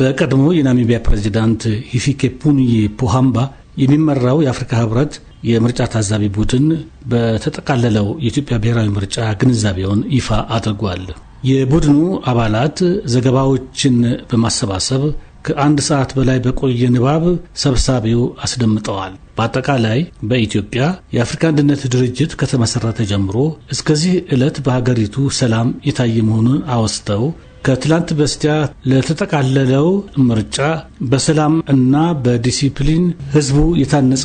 በቀድሞ የናሚቢያ ፕሬዚዳንት ሂፊኬፑንዬ ፖሃምባ የሚመራው የአፍሪካ ህብረት የምርጫ ታዛቢ ቡድን በተጠቃለለው የኢትዮጵያ ብሔራዊ ምርጫ ግንዛቤውን ይፋ አድርጓል። የቡድኑ አባላት ዘገባዎችን በማሰባሰብ ከአንድ ሰዓት በላይ በቆየ ንባብ ሰብሳቢው አስደምጠዋል። በአጠቃላይ በኢትዮጵያ የአፍሪካ አንድነት ድርጅት ከተመሠረተ ጀምሮ እስከዚህ ዕለት በሀገሪቱ ሰላም የታየ መሆኑን አወስተው ከትላንት በስቲያ ለተጠቃለለው ምርጫ በሰላም እና በዲሲፕሊን ህዝቡ የታነጸ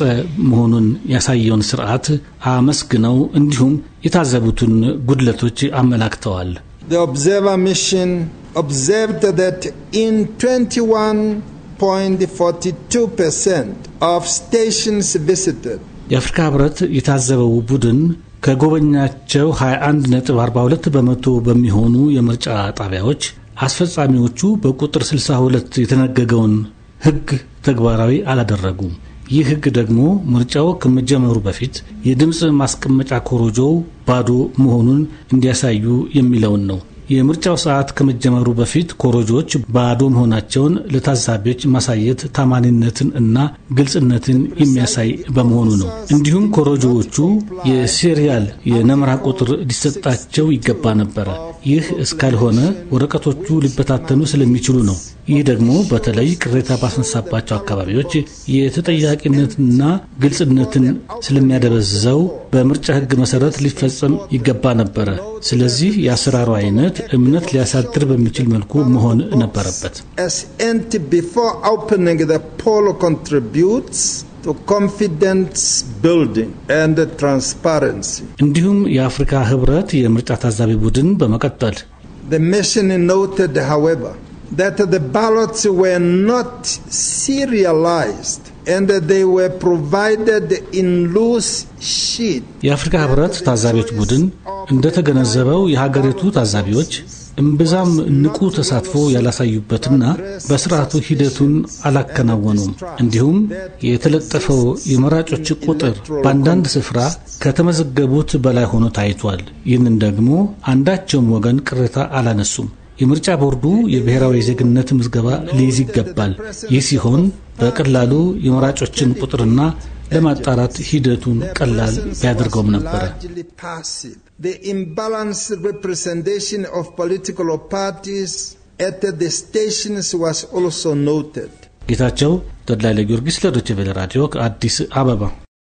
መሆኑን ያሳየውን ስርዓት አመስግነው እንዲሁም የታዘቡትን ጉድለቶች አመላክተዋል። The observer mission observed that in 21.42% of stations visited የአፍሪካ ህብረት የታዘበው ቡድን ከጎበኛቸው 21.42 በመቶ በሚሆኑ የምርጫ ጣቢያዎች አስፈጻሚዎቹ በቁጥር 62 የተነገገውን ሕግ ተግባራዊ አላደረጉም። ይህ ሕግ ደግሞ ምርጫው ከመጀመሩ በፊት የድምፅ ማስቀመጫ ኮሮጆው ባዶ መሆኑን እንዲያሳዩ የሚለውን ነው። የምርጫው ሰዓት ከመጀመሩ በፊት ኮረጆች ባዶ መሆናቸውን ለታዛቢዎች ማሳየት ታማኒነትን እና ግልጽነትን የሚያሳይ በመሆኑ ነው። እንዲሁም ኮረጆዎቹ የሴሪያል የነምራ ቁጥር ሊሰጣቸው ይገባ ነበረ። ይህ እስካልሆነ ወረቀቶቹ ሊበታተኑ ስለሚችሉ ነው። ይህ ደግሞ በተለይ ቅሬታ ባስነሳባቸው አካባቢዎች የተጠያቂነትና ግልጽነትን ስለሚያደበዝዘው በምርጫ ሕግ መሰረት ሊፈጸም ይገባ ነበረ። ስለዚህ የአሰራሩ አይነት እምነት ሊያሳድር በሚችል መልኩ መሆን ነበረበት። እንዲሁም የአፍሪካ ህብረት የምርጫ ታዛቢ ቡድን በመቀጠል that the ballots were not serialized and they were provided in loose sheet. የአፍሪካ ህብረት ታዛቢዎች ቡድን እንደተገነዘበው የሀገሪቱ ታዛቢዎች እምብዛም ንቁ ተሳትፎ ያላሳዩበትና በስርዓቱ ሂደቱን አላከናወኑም። እንዲሁም የተለጠፈው የመራጮች ቁጥር በአንዳንድ ስፍራ ከተመዘገቡት በላይ ሆኖ ታይቷል። ይህንን ደግሞ አንዳቸውም ወገን ቅሬታ አላነሱም። የምርጫ ቦርዱ የብሔራዊ የዜግነት ምዝገባ ሊይዝ ይገባል። ይህ ሲሆን በቀላሉ የመራጮችን ቁጥርና ለማጣራት ሂደቱን ቀላል ቢያደርገውም ነበረ። ጌታቸው ተድላይ ለጊዮርጊስ ለዶይቼ ቬለ ራዲዮ ከአዲስ አበባ